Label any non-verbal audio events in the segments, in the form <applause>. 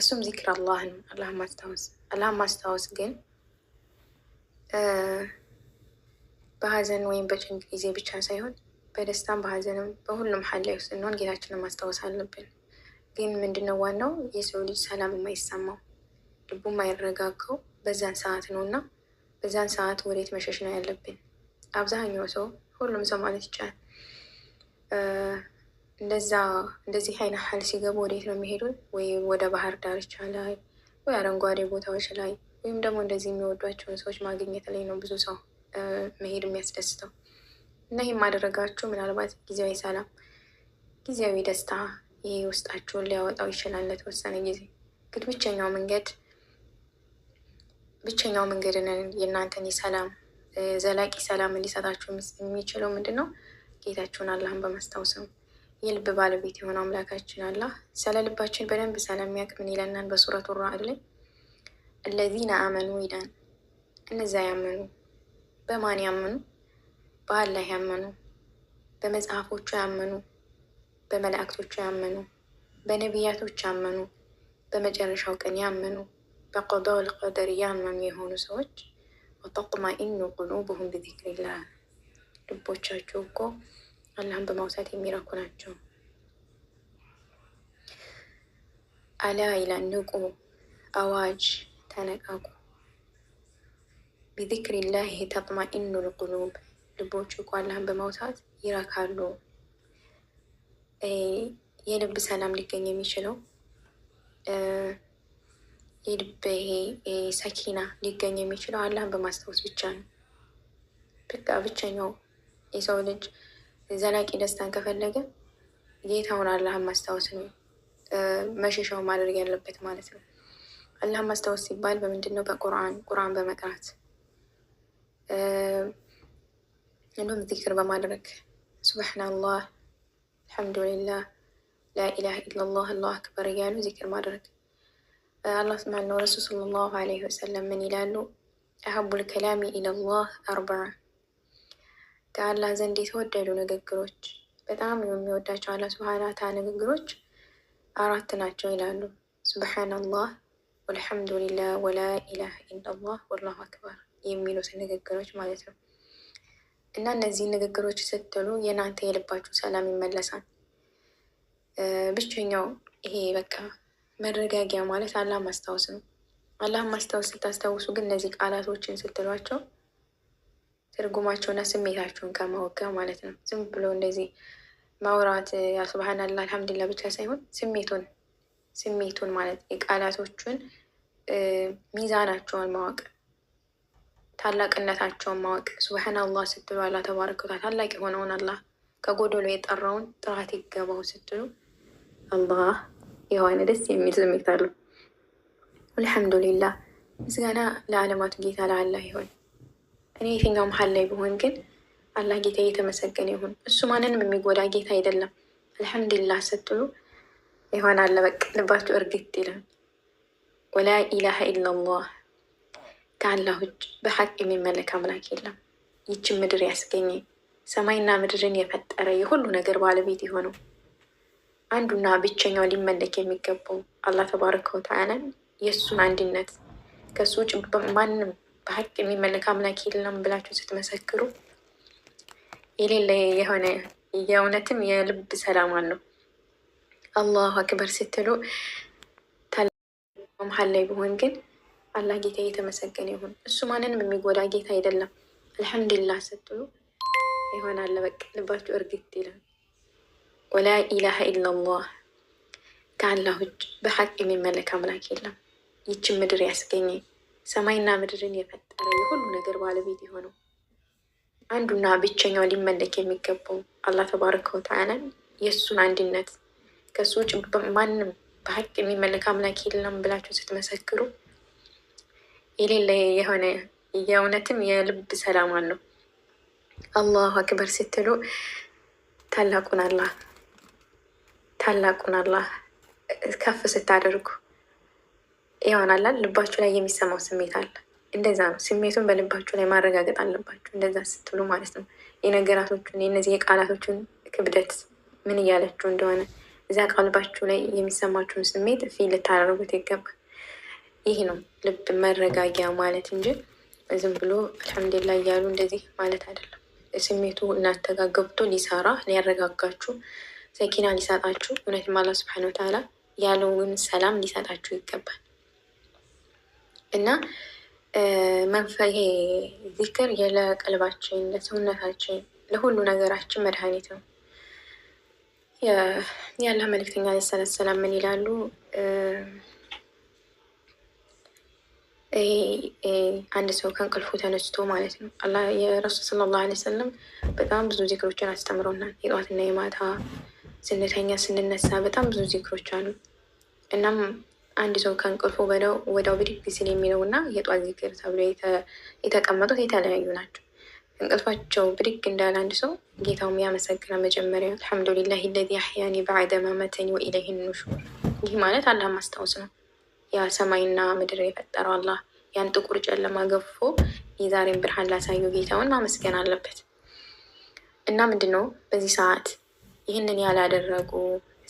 እሱም ዚክር አላህ ነው። አላህ ማስታወስ አላህ ማስታወስ ግን በሀዘን ወይም በጭንቅ ጊዜ ብቻ ሳይሆን በደስታም በሀዘንም በሁሉም ሀል ላይ ስንሆን ጌታችንን ማስታወስ አለብን። ግን ምንድነው ዋናው የሰው ልጅ ሰላም የማይሰማው ልቡ የማይረጋጋው በዛን ሰዓት ነው እና በዛን ሰዓት ወዴት መሸሽ ነው ያለብን? አብዛኛው ሰው ሁሉም ሰው ማለት ይቻላል እንደዛ እንደዚህ አይነት ሀል ሲገቡ ወዴት ነው የሚሄዱት? ወይ ወደ ባህር ዳርቻ ላይ ወይ አረንጓዴ ቦታዎች ላይ ወይም ደግሞ እንደዚህ የሚወዷቸውን ሰዎች ማግኘት ላይ ነው ብዙ ሰው መሄድ የሚያስደስተው እና ይህ ማደረጋችሁ ምናልባት ጊዜያዊ ሰላም፣ ጊዜያዊ ደስታ ይሄ ውስጣችሁን ሊያወጣው ይችላል ለተወሰነ ጊዜ። ግን ብቸኛው መንገድ ብቸኛው መንገድን የእናንተን የሰላም ዘላቂ ሰላም ሊሰጣችሁ የሚችለው ምንድን ነው? ጌታችሁን አላህን በማስታወስ ነው። የልብ ባለቤት የሆነው አምላካችን አላህ ስለ ልባችን በደንብ ስለሚያውቅ ምን ይለናል? በሱረቱ ራዕድ ላይ እለዚነ አመኑ ይላል። እነዚያ ያመኑ በማን ያመኑ? በአላህ ያመኑ፣ በመጽሐፎቹ ያመኑ፣ በመላእክቶቹ ያመኑ፣ በነቢያቶች ያመኑ፣ በመጨረሻው ቀን ያመኑ፣ በቆዳው ልቀደር ያመኑ የሆኑ ሰዎች ወተጥማኢኑ ቁሉብሁም ብዚክሪላህ ልቦቻቸው እኮ አላህን በማውሳት የሚራኩ ናቸው። አላ ይላል ንቁ፣ አዋጅ፣ ተነቃቁ። ቢዚክሪላሂ ተጥማኢኑ ልቁሉብ፣ ልቦች እኮ አላህን በማውሳት ይረካሉ። የልብ ሰላም ሊገኝ የሚችለው የልብ ሰኪና ሊገኝ የሚችለው አላህን በማስታወስ ብቻ ነው። በቃ ብቸኛው የሰው ልጅ ዘላቂ ደስታን ከፈለገ ጌታውን አላህን ማስታወስ ነው መሸሻው ማድረግ ያለበት ማለት ነው። አላህን ማስታወስ ሲባል በምንድን ነው? በቁርአን ቁርአን በመቅራት እንዲሁም ዚክር በማድረግ ሱብሓናላህ፣ አልሐምዱሊላህ፣ ላኢላህ ኢላላህ፣ አላሁ አክበር እያሉ ዚክር ማድረግ አላህ ስብሓን ነው። ረሱል ሰለላሁ አለይሂ ወሰለም ምን ይላሉ? አሀቡል ከላሚ ኢለላህ አርበዓ ከአላህ ዘንድ የተወደዱ ንግግሮች በጣም የሚወዳቸው አላህ ሱብሓነሁ ወተዓላ ንግግሮች አራት ናቸው ይላሉ። ሱብሓነላህ ወልሐምዱሊላህ ወላ ኢላሃ ኢለላህ ወላሁ አክበር የሚሉትን ንግግሮች ማለት ነው። እና እነዚህ ንግግሮች ስትሉ የእናንተ የልባችሁ ሰላም ይመለሳል። ብቸኛው ይሄ በቃ መረጋጊያ ማለት አላህ ማስታወስ ነው። አላህ ማስታወስ ስታስታውሱ ግን እነዚህ ቃላቶችን ስትሏቸው ትርጉማቸውና ስሜታቸውን ከማወቀው ማለት ነው። ዝም ብሎ እንደዚህ ማውራት ያስባህናላ አልሐምዱላ ብቻ ሳይሆን ስሜቱን ስሜቱን ማለት የቃላቶቹን ሚዛናቸውን ማወቅ ታላቅነታቸውን ማወቅ ሱብሓነላህ ስትሉ አላ ተባረክታ ታላቅ የሆነውን አላህ ከጎደሎ የጠራውን ጥራት ይገባው ስትሉ አላህ የሆነ ደስ የሚል ስሜት አለው። አልሐምዱሊላ ምስጋና ለዓለማቱ ጌታ ለአላህ ይሆን። እኔ የትኛው መሀል ላይ ብሆን ግን አላህ ጌታ እየተመሰገነ ይሁን። እሱ ማንንም የሚጎዳ ጌታ አይደለም። አልሐምዱሊላህ ስትሉ አለ በቃ ልባችሁ እርግጥ ይላል። ወላ ኢላሀ ኢላላህ ከአላህ ውጭ በሀቅ የሚመለክ አምላክ የለም። ይችን ምድር ያስገኘ ሰማይና ምድርን የፈጠረ የሁሉ ነገር ባለቤት የሆነው አንዱና ብቸኛው ሊመለክ የሚገባው አላህ ተባረከ ወተዓላ የእሱን አንድነት ከእሱ ውጭ ማንም በሀቅ የሚመለክ አምላክ የለም ብላችሁ ስትመሰክሩ የሌለ የሆነ የእውነትም የልብ ሰላም አለው። አላሁ አክበር ስትሉ መሀል ላይ ቢሆን ግን አላህ ጌታ የተመሰገነ ይሁን። እሱ ማንንም የሚጎዳ ጌታ አይደለም። አልሐምዱሊላህ ስትሉ አለ በቃ ልባችሁ እርግት ይላል። ወላ ኢላሀ ኢላላህ ከአላህ ውጭ በሀቅ የሚመለክ አምላክ የለም። ይችን ምድር ያስገኘኝ ሰማይና ምድርን የፈጠረ የሁሉ ነገር ባለቤት የሆነው አንዱና ብቸኛው ሊመለክ የሚገባው አላህ ተባረከ ወተዓላን የእሱን አንድነት ከእሱ ውጭ ማንም በሀቅ የሚመለክ አምላክ የለም ብላችሁ ስትመሰክሩ የሌለ የሆነ የእውነትም የልብ ሰላም አለው። አላሁ አክበር ስትሉ ታላቁን አላህ ታላቁን አላህ ከፍ ስታደርጉ ይሆናላል። ልባችሁ ላይ የሚሰማው ስሜት አለ። እንደዛ ነው። ስሜቱን በልባችሁ ላይ ማረጋገጥ አለባችሁ። እንደዛ ስትሉ ማለት ነው የነገራቶችን የነዚህ የቃላቶችን ክብደት ምን እያለችሁ እንደሆነ እዚያ ቃልባችሁ ላይ የሚሰማችሁን ስሜት ፊ ልታደርጉት ይገባል። ይህ ነው ልብ መረጋጊያ ማለት እንጂ ዝም ብሎ አልሐምዱሊላህ እያሉ እንደዚህ ማለት አይደለም። ስሜቱ እናንተ ጋር ገብቶ ሊሰራ ሊያረጋጋችሁ፣ ሰኪና ሊሰጣችሁ እውነትም አላህ ሱብሐነሁ ወተዓላ ያለውን ሰላም ሊሰጣችሁ ይገባል። እና መንፈሄ ዚክር ለቀልባችን፣ ለሰውነታችን፣ ለሁሉ ነገራችን መድኃኒት ነው። የአላህ መልእክተኛ ዐለይሂ ሰላቱ ሰላም ምን ይላሉ? አንድ ሰው ከእንቅልፉ ተነስቶ ማለት ነው የረሱል ሰለላሁ ዐለይሂ ወሰለም በጣም ብዙ ዚክሮችን አስተምረውናል። የጠዋትና የማታ ስንተኛ ስንነሳ በጣም ብዙ ዚክሮች አሉ። እናም አንድ ሰው ከእንቅልፉ ወደው ብድግ ሲል የሚለው እና የጧት ዚክር ተብሎ የተቀመጡት የተለያዩ ናቸው። እንቅልፋቸው ብድግ እንዳለ አንድ ሰው ጌታው ያመሰግና መጀመሪያ አልሐምዱሊላህ ለዚ አሕያኒ በዐደ ማመተኒ ወኢለይሂ ኑሹር። ይህ ማለት አላህ ማስታወስ ነው። ያ ሰማይና ምድር የፈጠረው አላህ ያን ጥቁር ጨለማ ገፎ የዛሬን ብርሃን ላሳየው ጌታውን ማመስገን አለበት እና ምንድን ነው በዚህ ሰዓት ይህንን ያላደረጉ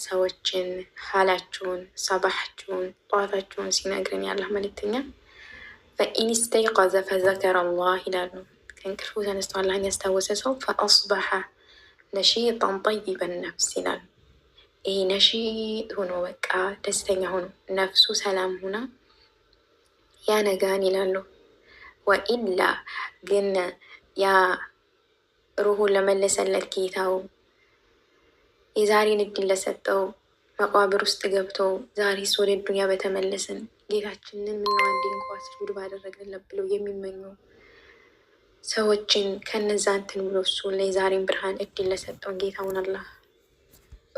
ሰዎችን ሀላችሁን፣ ሰባሐችሁን፣ ጠዋታችሁን ሲነግረን ያለ መልእክተኛ ፈኢንስተይቀዘ ፈዘከረ አላህ ይላሉ። ከእንቅልፉ ተነስቶ አላህን ያስታወሰ ሰው ፈአስበሐ ነሺጣን ጠይበን ነፍስ ይላሉ። ይሄ ነሺጥ ሆኖ በቃ ደስተኛ ሆኖ ነፍሱ ሰላም ሆና ያነጋን ይላሉ። ወኢላ ግን ያ ሩሁን ለመለሰለት ጌታው የዛሬ ንግድ ለሰጠው መቋብር ውስጥ ገብቶ ዛሬስ ወደ ዱኒያ በተመለስን ጌታችንን ምናዋንዴ እንኳ ስጁድ ባደረግንለት ብለው የሚመኙ ሰዎችን ከነዛ እንትን ብሎ እሱ ለዛሬን ብርሃን እድል ለሰጠውን ጌታውን አላህ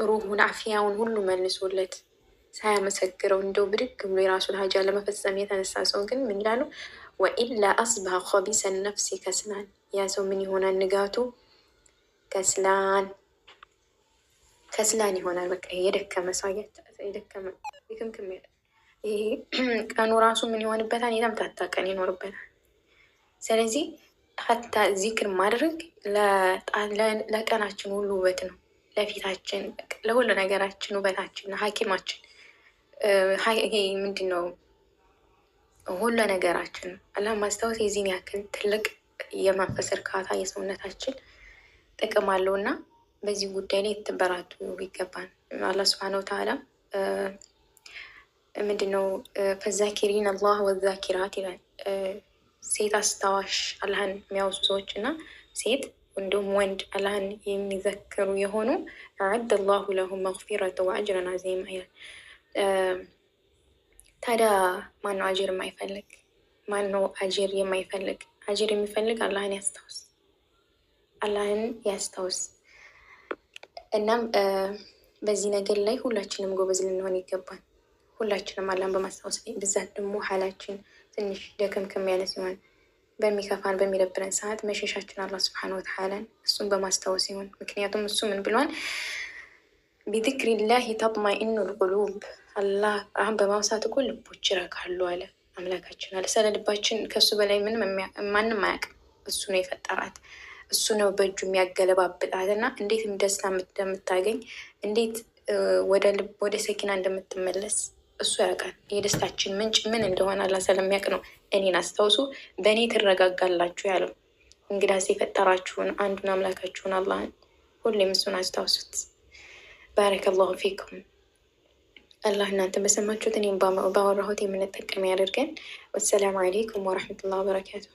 ሩሁን አፍያውን ሁሉ መልሶለት ሳያመሰግረው እንደው ብድግ ብሎ የራሱን ሀጃ ለመፈጸም የተነሳ ሰው ግን ምን ይላሉ? ወኢላ አስባህ ከቢሰን ነፍሲ ከስላን ያ ሰው ምን ይሆናል? ንጋቱ ከስላን ከስላን ይሆናል። በቃ የደከመ ሰው የደከመ ክምክም <clears throat> ቀኑ ራሱ ምን ይሆንበታል? የተምታታ ቀን ይኖርበታል። ስለዚህ ሀታ ዚክር ማድረግ ለቀናችን ሁሉ ውበት ነው። ለፊታችን፣ ለሁሉ ነገራችን ውበታችን፣ ሐኪማችን ምንድን ነው ሁሉ ነገራችን አላህ ማስታወስ የዚህን ያክል ትልቅ የመንፈስ እርካታ የሰውነታችን ጥቅም አለው እና በዚህ ጉዳይ ላይ የተበራቱ ይገባል። አላህ ስብሓን ወተዓላ ምንድነው ፈዛኪሪን አላህ ወዛኪራት ይላል። ሴት አስታዋሽ አላህን የሚያወሱ ሰዎች እና ሴት እንዲሁም ወንድ አላህን የሚዘክሩ የሆኑ አዕደ አላሁ ለሁም መግፊረተ ወአጅረን አዚማ ይላል። ታዲያ ማን አጅር የማይፈልግ? ማን አጅር የማይፈልግ? አጅር የሚፈልግ አላህን ያስታውስ፣ አላህን ያስታውስ። እናም በዚህ ነገር ላይ ሁላችንም ጎበዝ ልንሆን ይገባል። ሁላችንም አላህን በማስታወስ ላይ ብዛት ደግሞ ሀላችን ትንሽ ደከም ከሚያለ ሲሆን በሚከፋን በሚረብረን ሰዓት መሸሻችን አላህ ስብሐነ ወተዓላን እሱን በማስታወስ ይሆን። ምክንያቱም እሱ ምን ብሏል? ቢዝክሪላሂ ተጥማኢኑል ልቁሉብ አላህ አሁን በማውሳት እኮ ልቦች ይረካሉ አለ አምላካችን አለ። ስለ ልባችን ከእሱ በላይ ምንም ማንም አያውቅም። እሱ ነው የፈጠራት። እሱ ነው በእጁ የሚያገለባብጣት እና እንዴት ደስታ እንደምታገኝ እንዴት ወደ ሰኪና እንደምትመለስ እሱ ያውቃል። የደስታችን ምንጭ ምን እንደሆነ አላህ ስለሚያውቅ ነው እኔን አስታውሱ በእኔ ትረጋጋላችሁ ያለው። እንግዳስ የፈጠራችሁን አንዱን አምላካችሁን አላህን ሁሌም እሱን አስታውሱት። ባረከላሁ ፊኩም። አላህ እናንተ በሰማችሁት እኔም ባወራሁት የምንጠቀም ያደርገን። ወሰላሙ አሌይኩም ወረሕመቱላህ በረካቱ